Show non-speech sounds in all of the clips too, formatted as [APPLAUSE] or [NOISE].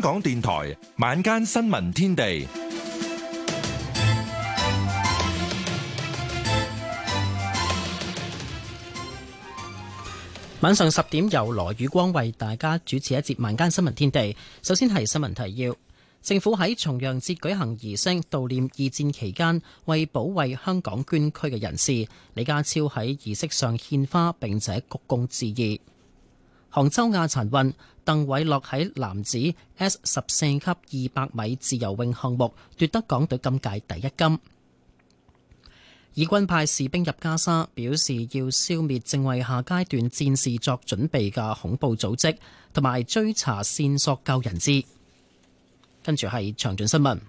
香港電台晚間新聞天地，晚上十點由羅宇光為大家主持一節晚間新聞天地。首先係新聞提要：政府喺重陽節舉行儀式悼念二戰期間為保衛香港捐軀嘅人士。李家超喺儀式上獻花，並且鞠躬致意。杭州亞殘運，鄧偉樂喺男子 S 十四級二百米自由泳項目奪得港隊今屆第一金。以軍派士兵入加沙，表示要消滅正為下階段戰事作準備嘅恐怖組織，同埋追查線索救人質。跟住係詳盡新聞。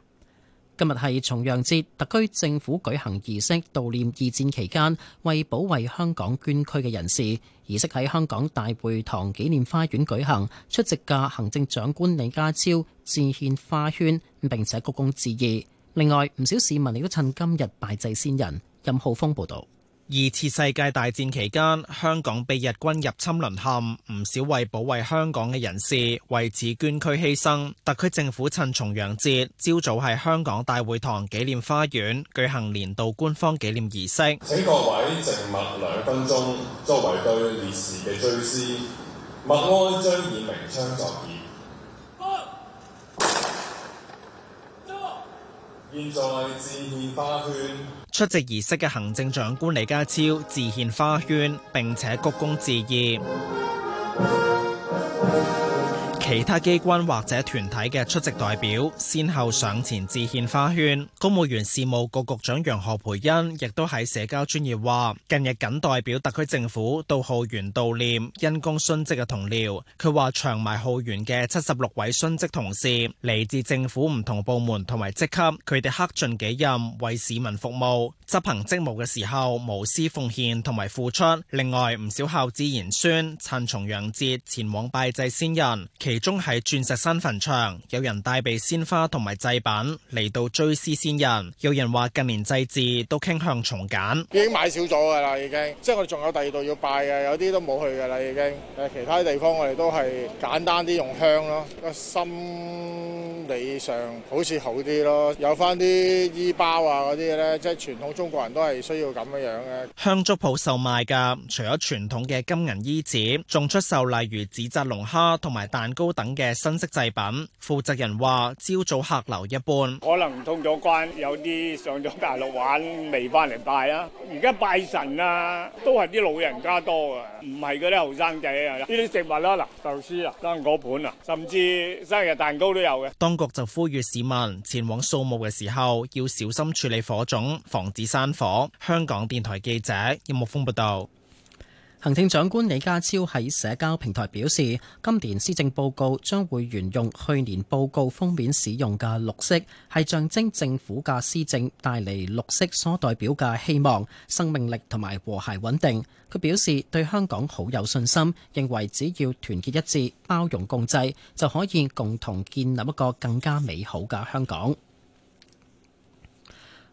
今日係重陽節，特區政府舉行儀式悼念二戰期間為保衛香港捐軀嘅人士。儀式喺香港大會堂紀念花園舉行，出席嘅行政長官李家超致獻花圈，並且鞠躬致意。另外，唔少市民亦都趁今日拜祭先人。任浩峰報道。二次世界大戰期間，香港被日軍入侵淪陷，唔少為保衛香港嘅人士為此捐軀犧牲。特區政府趁重陽節朝早喺香港大會堂紀念花園舉行年度官方紀念儀式。請各位靜默兩分鐘，作為對烈士嘅追思，默哀將以鳴槍作現在致獻花圈。出席儀式嘅行政長官李家超致獻花圈，並且鞠躬致意。 [NOISE] 其他機關或者團體嘅出席代表先後上前致獻花圈，公務員事務局局長楊何蓓茵亦都喺社交專頁話：近日謹代表特區政府到浩園悼念因公殉職嘅同僚。佢話長埋浩園嘅七十六位殉職同事嚟自政府唔同部門同埋職級，佢哋克盡己任，為市民服務，執行職務嘅時候無私奉獻同埋付出。另外唔少孝子賢孫趁重陽節前往拜祭先人，其中係鑽石山墳場，有人帶備鮮花同埋祭品嚟到追思先人。有人話近年祭祀都傾向重簡，已經買少咗噶啦，已經。即係我哋仲有第二度要拜嘅，有啲都冇去噶啦，已經。誒，其他地方我哋都係簡單啲用香咯，個心理上好似好啲咯。有翻啲衣包啊，嗰啲咧，即係傳統中國人都係需要咁樣樣嘅。香燭鋪售賣噶，除咗傳統嘅金銀衣紙，仲出售例如紙紮龍蝦同埋蛋糕。等嘅新式祭品，負責人話朝早客流一般，可能通咗關，有啲上咗大陸玩未翻嚟拜啊。而家拜神啊，都係啲老人家多啊，唔係嗰啲後生仔啊。呢啲食物啦，嗱，壽司啊，生果盤啊，甚至生日蛋糕都有嘅。當局就呼籲市民前往掃墓嘅時候，要小心處理火種，防止山火。香港電台記者任木風報道。行政長官李家超喺社交平台表示，今年施政報告將會沿用去年報告封面使用嘅綠色，係象徵政府嘅施政帶嚟綠色所代表嘅希望、生命力同埋和諧穩定。佢表示對香港好有信心，認為只要團結一致、包容共濟，就可以共同建立一個更加美好嘅香港。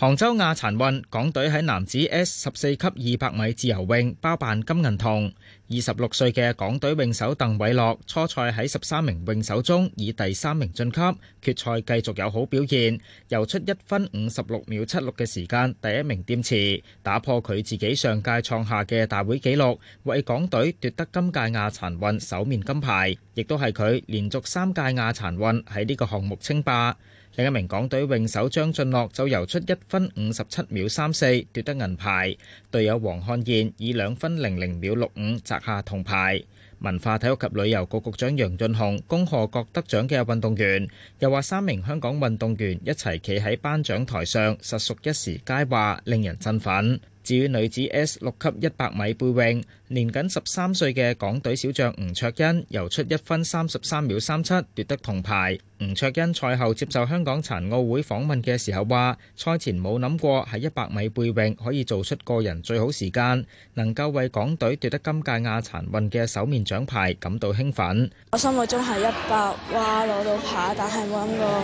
杭州亞殘運，港隊喺男子 S 十四級二百米自由泳包辦金銀銅。二十六歲嘅港隊泳手鄧偉樂，初賽喺十三名泳手中以第三名晉級，決賽繼續有好表現，游出一分五十六秒七六嘅時間，第一名掂池，打破佢自己上屆創下嘅大會紀錄，為港隊奪得今屆亞殘運首面金牌，亦都係佢連續三屆亞殘運喺呢個項目稱霸。另一名港隊泳手張俊樂就游出一分五十七秒三四，奪得銀牌；隊友黃漢燕以兩分零零秒六五摘下銅牌。文化體育及旅遊局局長楊潤雄恭賀各得獎嘅運動員，又話三名香港運動員一齊企喺頒獎台上，實屬一時佳話，令人振奮。至於女子 S 六級一百米背泳，年僅十三歲嘅港隊小將吳卓欣游出一分三十三秒三七，奪得銅牌。吳卓欣賽後接受香港殘奧會訪問嘅時候話：賽前冇諗過喺一百米背泳可以做出個人最好時間，能夠為港隊奪得今屆亞殘運嘅首面獎牌感到興奮。我心目中係一百哇攞到牌，但係冇諗過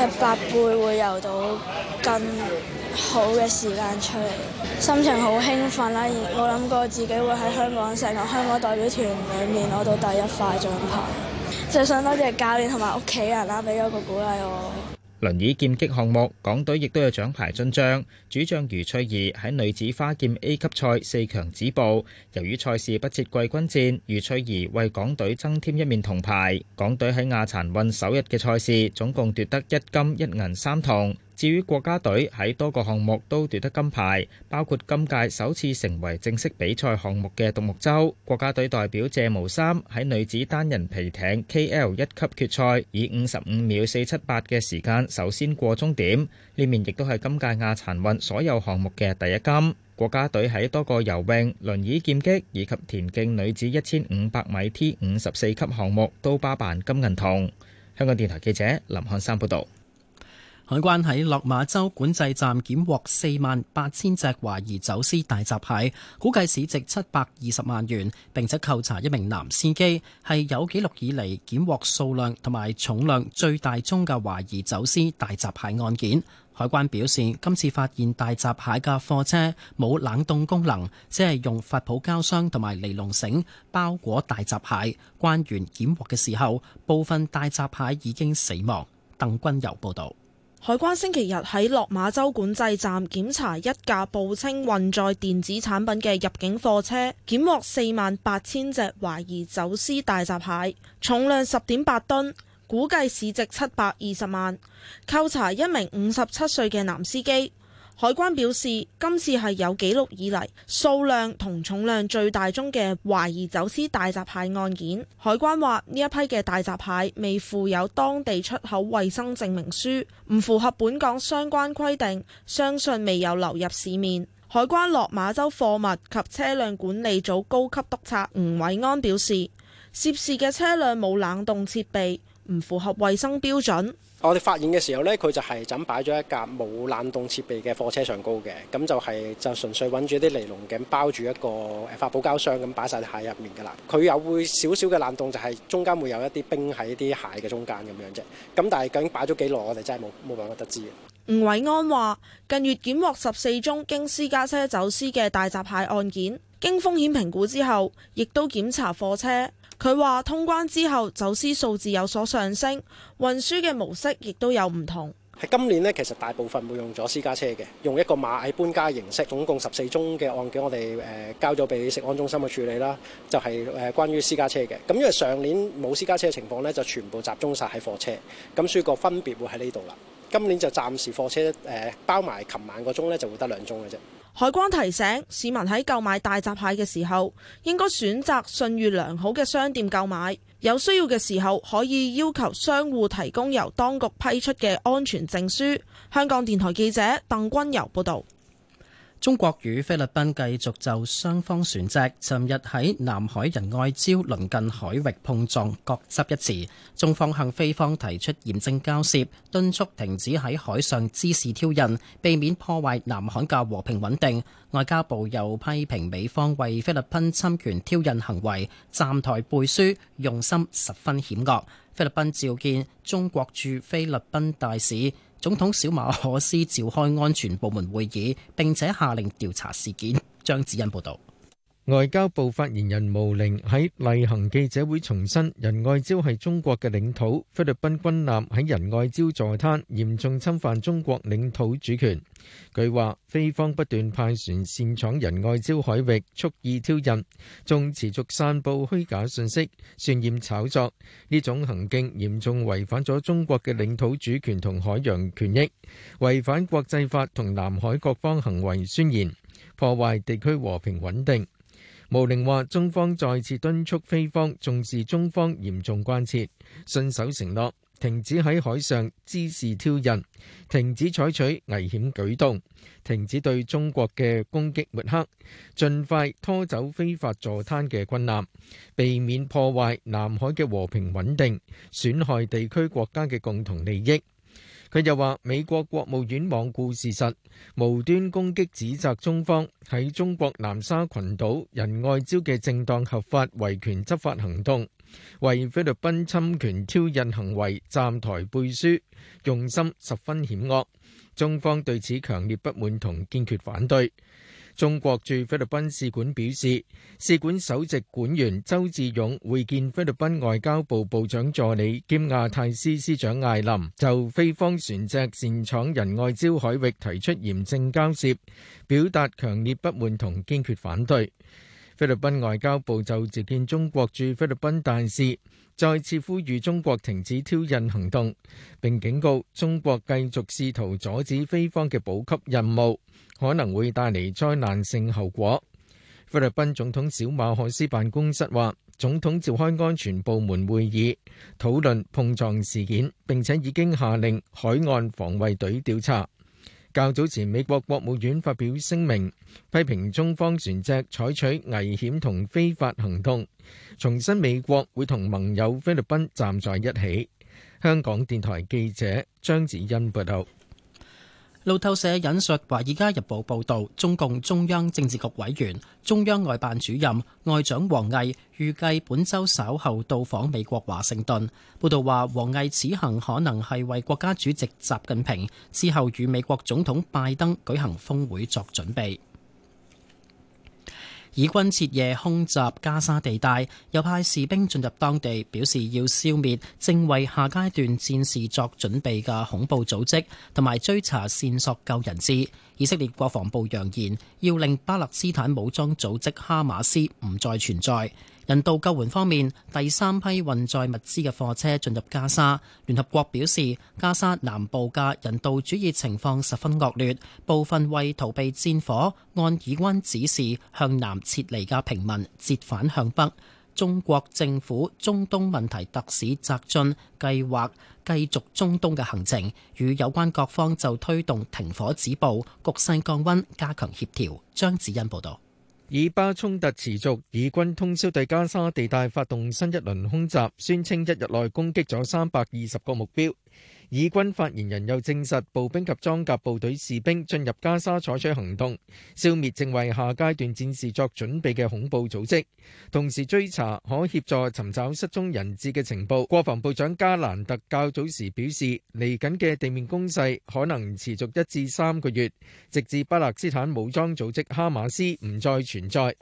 一百背會游到更好嘅時間出嚟，心情好興奮啦！我諗過自己會。喺香港成個香港代表團裏面，攞到第一塊獎牌，最想多謝教練同埋屋企人啦，俾咗個鼓勵我。輪椅劍擊項目，港隊亦都有獎牌進帳。主將余翠怡喺女子花劍 A 級賽四強止步，由於賽事不設季軍戰，余翠怡為港隊增添一面銅牌。港隊喺亞殘運首日嘅賽事，總共奪得一金一銀三銅。至於國家隊喺多個項目都奪得金牌，包括今屆首次成為正式比賽項目嘅獨木舟。國家隊代表謝毛三喺女子單人皮艇 KL 一級決賽，以五十五秒四七八嘅時間首先過終點，呢面亦都係今屆亞殘運所有項目嘅第一金。國家隊喺多個游泳、輪椅劍擊以及田徑女子一千五百米 T 五十四級項目都包辦金銀銅。香港電台記者林漢山報導。海關喺落馬洲管制站檢獲四萬八千隻懷疑走私大閘蟹，估計市值七百二十萬元，並且扣查一名男司機，係有紀錄以嚟檢獲數量同埋重量最大宗嘅懷疑走私大閘蟹案件。海關表示，今次發現大閘蟹嘅貨車冇冷凍功能，即係用發泡膠箱同埋尼龍繩包裹大閘蟹。關員檢獲嘅時候，部分大閘蟹已經死亡。鄧君柔報道。海關星期日喺落馬洲管制站檢查一架報稱運載電子產品嘅入境貨車，檢獲四萬八千隻懷疑走私大閘蟹,蟹，重量十點八噸，估計市值七百二十萬，扣查一名五十七歲嘅男司機。海關表示，今次係有紀錄以嚟數量同重量最大宗嘅懷疑走私大閘蟹案件。海關話呢一批嘅大閘蟹未附有當地出口衛生證明書，唔符合本港相關規定，相信未有流入市面。海關落馬洲貨物及車輛管理組高級督察吳偉安表示，涉事嘅車輛冇冷凍設備，唔符合衛生標準。我哋發現嘅時候呢，佢就係咁擺咗一架冇冷凍設備嘅貨車上高嘅，咁就係、是、就純粹揾住啲尼龍錠包住一個發泡膠箱咁擺晒啲蟹入面噶啦。佢有會少少嘅冷凍，就係、是、中間會有一啲冰喺啲蟹嘅中間咁樣啫。咁但係究竟擺咗幾耐，我哋真係冇冇辦法得知嘅。吳偉安話：近月檢獲十四宗經私家車走私嘅大閘蟹案件，經風險評估之後，亦都檢查貨車。佢話：通關之後，走私數字有所上升，運輸嘅模式亦都有唔同。係今年呢，其實大部分會用咗私家車嘅，用一個螞蟻搬家形式。總共十四宗嘅案件我，我哋誒交咗俾食安中心去處理啦。就係、是、誒、呃、關於私家車嘅。咁因為上年冇私家車嘅情況呢，就全部集中晒喺貨車。咁所以個分別會喺呢度啦。今年就暫時貨車誒、呃、包埋，琴晚個鐘呢，就會得兩宗嘅啫。海關提醒市民喺購買大閘蟹嘅時候，應該選擇信譽良好嘅商店購買。有需要嘅時候，可以要求商戶提供由當局批出嘅安全證書。香港電台記者鄧君游報道。中國與菲律賓繼續就雙方船隻尋日喺南海仁愛礁鄰近海域碰撞各執一詞，中方向菲方提出嚴正交涉，敦促停止喺海上滋事挑釁，避免破壞南海嘅和平穩定。外交部又批評美方為菲律賓侵權挑釁行為站台背書，用心十分險惡。菲律賓召見中國駐菲律賓大使。總統小馬可斯召開安全部門會議，並且下令調查事件。張子欣報道。外交部發言人毛寧喺例行記者會重申，仁愛礁係中國嘅領土，菲律賓軍艦喺仁愛礁坐灘，嚴重侵犯中國領土主權。佢話，菲方不斷派船擅闖仁愛礁海域，蓄意挑釁，仲持續散佈虛假信息、渲染炒作，呢種行徑嚴重違反咗中國嘅領土主權同海洋權益，違反國際法同南海各方行為宣言，破壞地區和平穩定。毛寧話：中方再次敦促菲方重視中方嚴重關切，信守承諾，停止喺海上滋事挑釁，停止採取危險舉動，停止對中國嘅攻擊抹黑，盡快拖走非法坐灘嘅困難，避免破壞南海嘅和平穩定，損害地區國家嘅共同利益。佢又話：美國國務院罔顧事實，無端攻擊指責中方喺中國南沙群島仁愛礁嘅正當合法維權執法行動，為菲律賓侵權挑釁行為站台背書，用心十分險惡。中方對此強烈不滿同堅決反對。中國駐菲律賓使館表示，使館首席館員周志勇會見菲律賓外交部部長助理兼亞太司司長艾林，就菲方船隻擅闖仁愛礁海域提出嚴正交涉，表達強烈不滿同堅決反對。菲律賓外交部就召見中國駐菲律賓大使，再次呼籲中國停止挑釁行動，並警告中國繼續試圖阻止菲方嘅補給任務，可能會帶嚟災難性後果。菲律賓總統小馬可斯辦公室話：總統召開安全部門會議，討論碰撞事件，並且已經下令海岸防衛隊調查。較早前，美國國務院發表聲明，批評中方船隻採取危險同非法行動，重申美國會同盟友菲律賓站在一起。香港電台記者張子欣報道。路透社引述《華爾街日報》報道，中共中央政治局委員、中央外辦主任、外長王毅預計本周稍後到訪美國華盛頓。報道話，王毅此行可能係為國家主席習近平，之後與美國總統拜登舉行峰會作準備。以軍徹夜空襲加沙地帶，又派士兵進入當地，表示要消滅正為下階段戰事作準備嘅恐怖組織，同埋追查線索救人質。以色列國防部揚言，要令巴勒斯坦武裝組織哈馬斯唔再存在。人道救援方面，第三批運載物資嘅貨車進入加沙。聯合國表示，加沙南部嘅人道主義情況十分惡劣，部分為逃避戰火、按以軍指示向南撤離嘅平民折返向北。中國政府中東問題特使翟雋計劃繼續中東嘅行程，與有關各方就推動停火止暴、局勢降溫加強協調。張子欣報道。以巴衝突持續，以軍通宵對加沙地帶發動新一輪空襲，宣稱一日內攻擊咗三百二十個目標。以軍發言人又證實，步兵及裝甲部隊士兵進入加沙採取行動，消滅正為下階段戰事作準備嘅恐怖組織，同時追查可協助尋找失蹤人質嘅情報。國防部長加蘭特較早時表示，嚟緊嘅地面攻勢可能持續一至三個月，直至巴勒斯坦武裝組織哈馬斯唔再存在。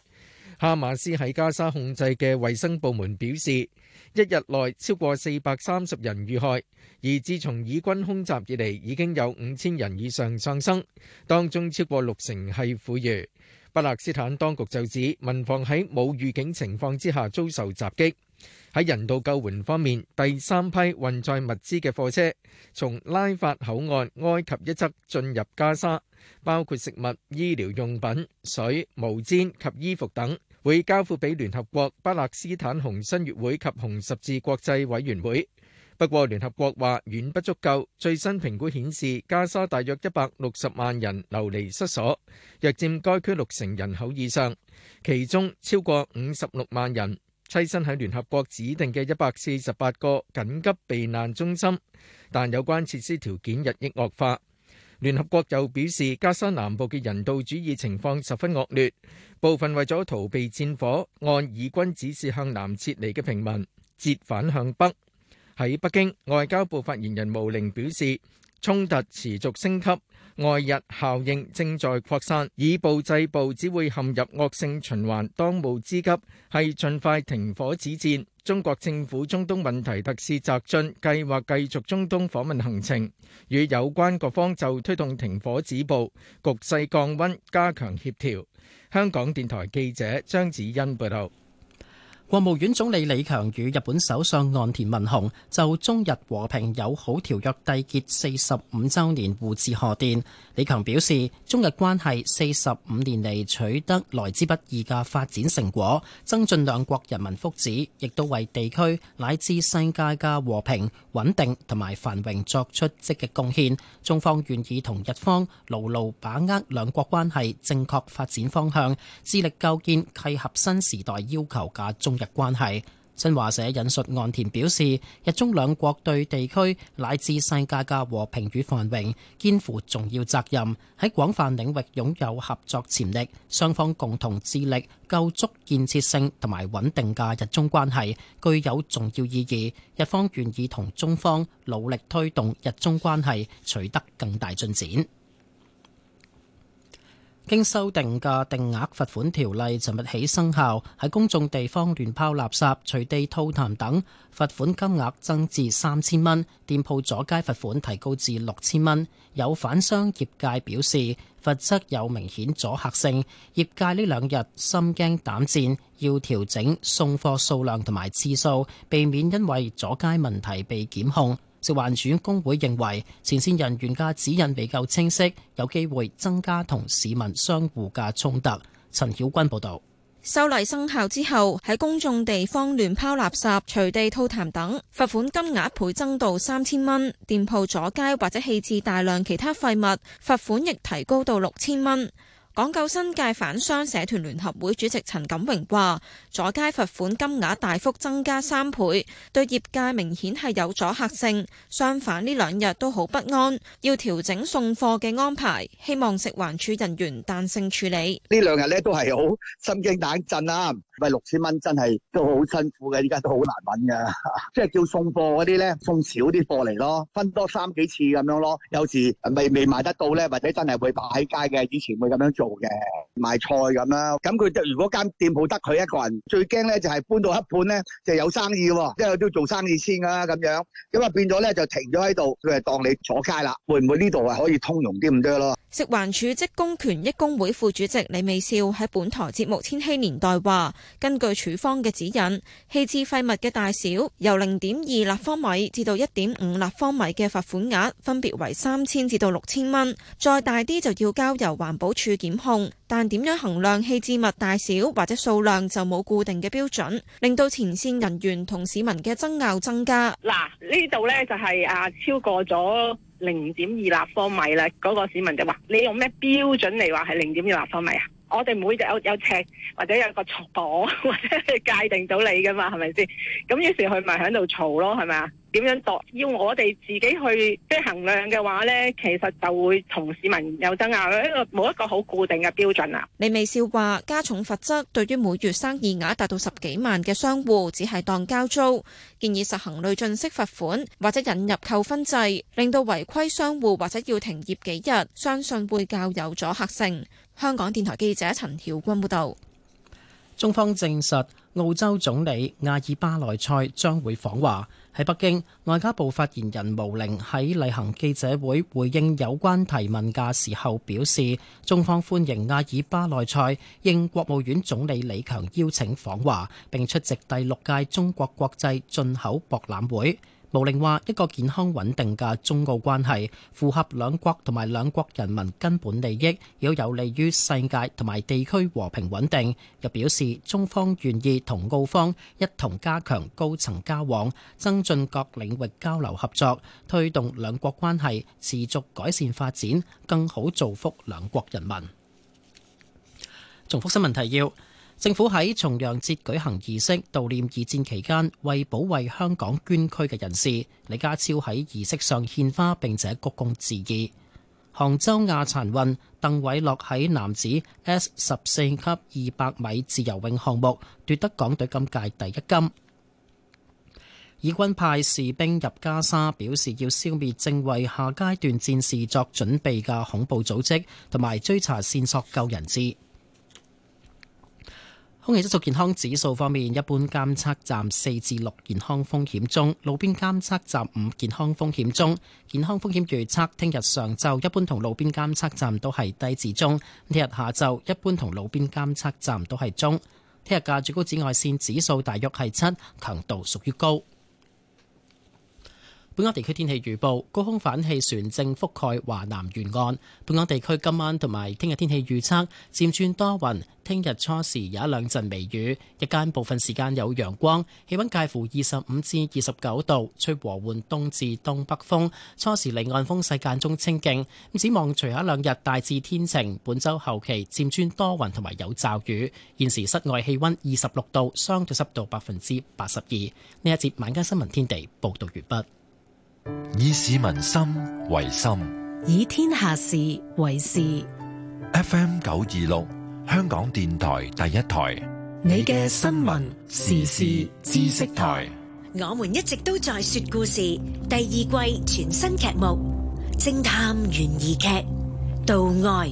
哈馬斯喺加沙控制嘅衛生部門表示：一日內超過四百三十人遇害，而自從以軍空襲以嚟，已經有五千人以上喪生，當中超過六成係婦孺。巴勒斯坦當局就指民房喺冇預警情況之下遭受襲擊。喺人道救援方面，第三批運載物資嘅貨車從拉法口岸埃及一側進入加沙，包括食物、醫療用品、水、毛毯及衣服等。會交付俾聯合國、巴勒斯坦紅新月會及紅十字國際委員會。不過，聯合國話遠不足夠。最新評估顯示，加沙大約一百六十萬人流離失所，約佔該區六成人口以上，其中超過五十六萬人棲身喺聯合國指定嘅一百四十八個緊急避難中心，但有關設施條件日益惡化。聯合國又表示，加沙南部嘅人道主義情況十分惡劣，部分為咗逃避戰火，按以軍指示向南撤離嘅平民，折返向北。喺北京，外交部發言人毛寧表示。衝突持續升級，外日效應正在擴散，以暴制暴只會陷入惡性循環。當務之急係盡快停火止戰。中國政府中東問題特使翟俊計劃繼續中東訪問行程，與有關各方就推動停火止暴、局勢降溫加強協調。香港電台記者張子欣報道。國務院總理李強與日本首相岸田文雄就中日和平友好條約締結四十五周年互致賀電。李強表示，中日關係四十五年嚟取得來之不易嘅發展成果，增進兩國人民福祉，亦都為地區乃至世界嘅和平穩定同埋繁榮作出積極貢獻。中方願意同日方牢牢把握兩國關係正確發展方向，致力構建契合新時代要求嘅中。日關係。新華社引述岸田表示，日中兩國對地區乃至世界嘅和平與繁榮肩負重要責任，喺廣泛領域擁有合作潛力，雙方共同致力構築建設性同埋穩定嘅日中關係，具有重要意義，日方願意同中方努力推動日中關係取得更大進展。經修訂嘅定額罰款條例，尋日起生效，喺公眾地方亂拋垃圾、隨地吐痰等，罰款金額增至三千蚊；店鋪阻街罰款提高至六千蚊。有反商業界表示，罰則有明顯阻嚇性，業界呢兩日心驚膽戰，要調整送貨數量同埋次數，避免因為阻街問題被檢控。食環署工會認為前線人員嘅指引未夠清晰，有機會增加同市民相互嘅衝突。陳曉君報導。修例生效之後，喺公眾地方亂拋垃圾、隨地吐痰等，罰款金額倍增到三千蚊；店鋪阻街或者棄置大量其他廢物，罰款亦提高到六千蚊。港九新界反商社團聯合會主席陳錦榮話，阻街罰款金額大幅增加三倍，對業界明顯係有阻嚇性。相反呢兩日都好不安，要調整送貨嘅安排，希望食環署人員彈性處理。呢兩日呢都係好心驚膽震啊！咪六千蚊真係都好辛苦嘅，依家都好難揾㗎。即 [LAUGHS] 係叫送貨嗰啲咧，送少啲貨嚟咯，多分多三幾次咁樣咯。有時未未賣得到咧，或者真係會擺喺街嘅。以前會咁樣做嘅賣菜咁啦。咁佢就如果間店鋪得佢一個人，最驚咧就係搬到一半咧，就有生意喎，因為都做生意先㗎啦咁樣。因為變咗咧就停咗喺度，佢係當你坐街啦。會唔會呢度係可以通融啲咁多咯？食環署職工權益工會副主席李美少喺本台節目《千禧年代》話。根據署方嘅指引，棄置廢物嘅大小由零點二立方米至到一點五立方米嘅罰款額，分別為三千至到六千蚊。再大啲就要交由環保署檢控，但點樣衡量棄置物大小或者數量就冇固定嘅標準，令到前線人員同市民嘅爭拗增加。嗱，呢度呢就係啊超過咗零點二立方米啦，嗰個市民就話：你用咩標準嚟話係零點二立方米啊？我哋每就有有尺或者有個尺榜或者界定到你噶嘛，係咪先？咁於是佢咪喺度嘈咯，係咪啊？點樣度？要我哋自己去即係衡量嘅話呢，其實就會同市民有爭拗呢。呢個冇一個好固定嘅標準啦。李微笑話：加重罰則對於每月生意額達到十幾萬嘅商戶，只係當交租，建議實行累進式罰款或者引入扣分制，令到違規商戶或者要停業幾日，相信會較有阻嚇性。香港電台記者陳曉君報道，中方證實澳洲總理阿爾巴內塞將會訪華。喺北京，外交部發言人毛寧喺例行記者會回應有關提問嘅時候表示，中方歡迎阿爾巴內塞應國務院總理李強邀請訪華，並出席第六屆中國國際進口博覽會。毛寧話：一個健康穩定嘅中澳關係，符合兩國同埋兩國人民根本利益，亦有利於世界同埋地區和平穩定。又表示中方願意同澳方一同加強高層交往，增進各領域交流合作，推動兩國關係持續改善發展，更好造福兩國人民。重複新聞提要。政府喺重陽節舉行儀式悼念二戰期間為保衛香港捐軀嘅人士。李家超喺儀式上獻花並且鞠躬致意。杭州亞殘運，鄧偉樂喺男子 S 十四級二百米自由泳項,項目奪得港隊今屆第一金。以軍派士兵入加沙，表示要消滅正為下階段戰事作準備嘅恐怖組織，同埋追查線索救人質。空氣質素健康指數方面，一般監測站四至六健康風險中，路邊監測站五健康風險中，健康風險預測聽日上晝一般同路邊監測站都係低至中，聽日下晝一般同路邊監測站都係中，聽日嘅最高紫外線指數大約係七，強度屬於高。本港地區天氣預報，高空反氣旋，正覆蓋華南沿岸。本港地區今晚同埋聽日天氣預測，漸轉多雲，聽日初時有一兩陣微雨，日間部分時間有陽光，氣溫介乎二十五至二十九度，吹和緩東至東北風，初時離岸風勢間中清勁，咁展望，隨後一兩日大致天晴，本周後期漸轉多雲同埋有驟雨。現時室外氣溫二十六度，相對濕度百分之八十二。呢一節晚間新聞天地報道完畢。以市民心為心，以天下事為事。F.M. 九二六，香港電台第一台，你嘅新聞時事知識台。我們一直都在說故事第二季全新劇目《偵探懸疑劇》道愛、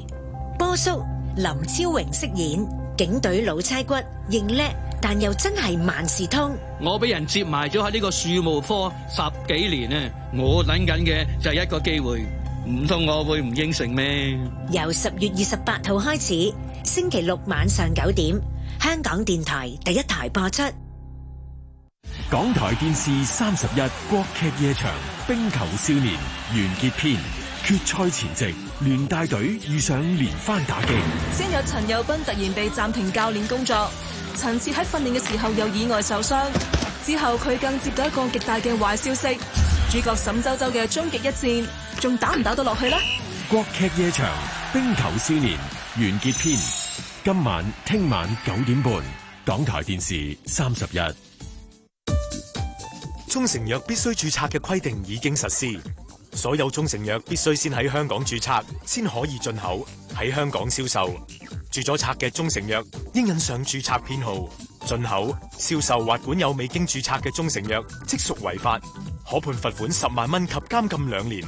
波叔、林超榮飾演。警隊老差骨，認叻，但又真係萬事通。我俾人接埋咗喺呢個樹木科十幾年咧，我等緊嘅就係一個機會，唔通我會唔應承咩？由十月二十八號開始，星期六晚上九點，香港電台第一台播出，港台電視三十一國劇夜場《冰球少年》完結篇決賽前夕。聯帶隊遇上連番打擊，先有陳友斌突然被暫停教練工作，陳志喺訓練嘅時候又意外受傷，之後佢更接到一個極大嘅壞消息。主角沈周周嘅終極一戰，仲打唔打到落去咧？國劇夜場，冰球少年完結篇，今晚、聽晚九點半，港台電視三十日。中成藥必須註冊嘅規定已經實施。所有中成藥必須先喺香港註冊，先可以進口喺香港銷售。注咗冊嘅中成藥應印上註冊編號。進口、銷售或管有未經註冊嘅中成藥，即屬違法，可判罰款十萬蚊及監禁兩年。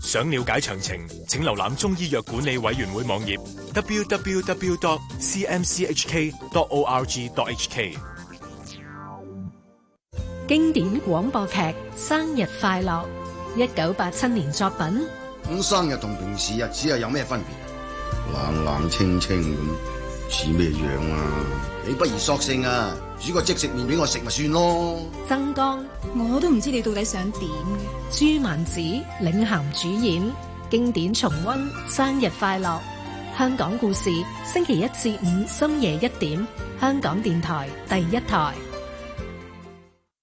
想了解詳情，請瀏覽中醫藥管理委員會網頁：www.cmchk.org.hk。經典廣播劇，生日快樂！一九八七年作品，咁生日同平時日子啊有咩分別？冷冷清清咁似咩樣啊？你不如索性啊煮個即食麵俾我食咪算咯。曾江，我都唔知你到底想點嘅。朱曼子領銜主演，經典重温，生日快樂！香港故事，星期一至五深夜一點，香港電台第一台。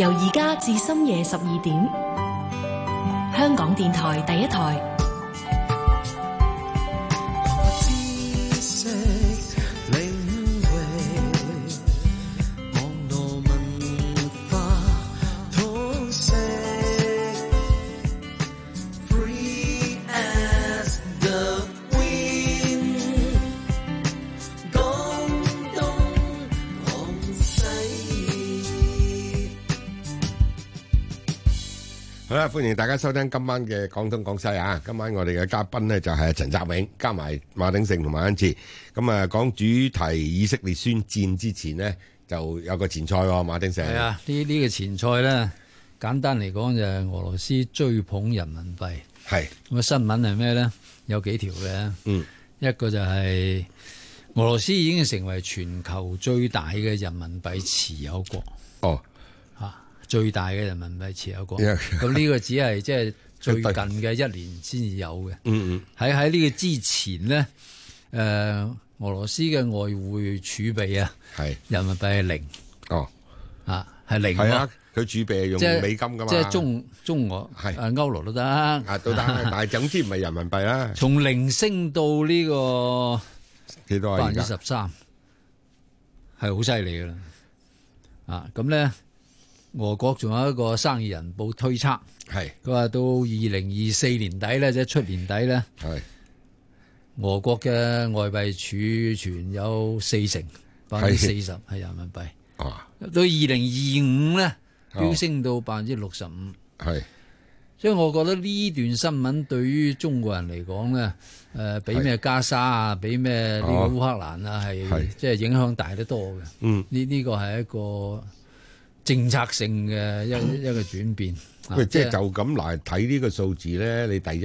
由而家至深夜十二點，香港電台第一台。好啦，歡迎大家收聽今晚嘅廣東廣西啊！今晚我哋嘅嘉賓呢，就係陳澤永，加埋馬鼎盛同埋安志。咁啊，講主題以色列宣戰之前呢，就有個前菜。馬鼎盛係啊，呢呢、呢個前菜呢，簡單嚟講就係俄羅斯追捧人民幣。係咁啊，新聞係咩呢？有幾條嘅。嗯，一個就係、是、俄羅斯已經成為全球最大嘅人民幣持有國。哦。最大嘅人民幣持有國，咁呢個只係即係最近嘅一年先至有嘅。喺喺呢個之前咧，誒，俄羅斯嘅外匯儲備啊，係人民幣係零哦，啊係零。係啊，佢儲備係用美金㗎嘛，即係中中俄係歐羅都得啊，都得，但係總之唔係人民幣啦。從零升到呢個百分之十三，係好犀利㗎啦。啊，咁咧。俄國仲有一個生意人報推測，係佢話到二零二四年底咧，即係出年底咧，係是俄國嘅外幣儲存有四成百分之四十係人民幣，是到啊到二零二五咧飆升到百分之六十五，係是所以我覺得呢段新聞對於中國人嚟講咧，誒比咩加沙啊，比咩呢個烏克蘭啊，係即係影響大得多嘅，嗯呢呢個係一個。政策性嘅一一個轉變，喂、嗯，啊、即係就咁嚟睇呢個數字咧，嗯、你第一。